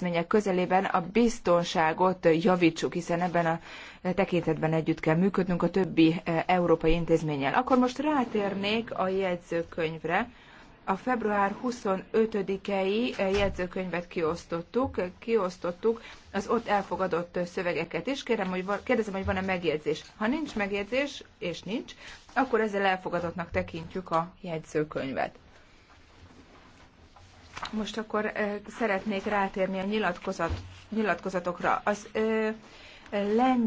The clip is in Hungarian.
intézmények közelében a biztonságot javítsuk, hiszen ebben a tekintetben együtt kell működnünk a többi e, európai intézménnyel. Akkor most rátérnék a jegyzőkönyvre. A február 25-i e, jegyzőkönyvet kiosztottuk, e, kiosztottuk az ott elfogadott szövegeket is. Kérem, hogy van, kérdezem, hogy van-e megjegyzés. Ha nincs megjegyzés, és nincs, akkor ezzel elfogadottnak tekintjük a jegyzőkönyvet. Most akkor szeretnék rátérni a nyilatkozat, nyilatkozatokra. Az lengy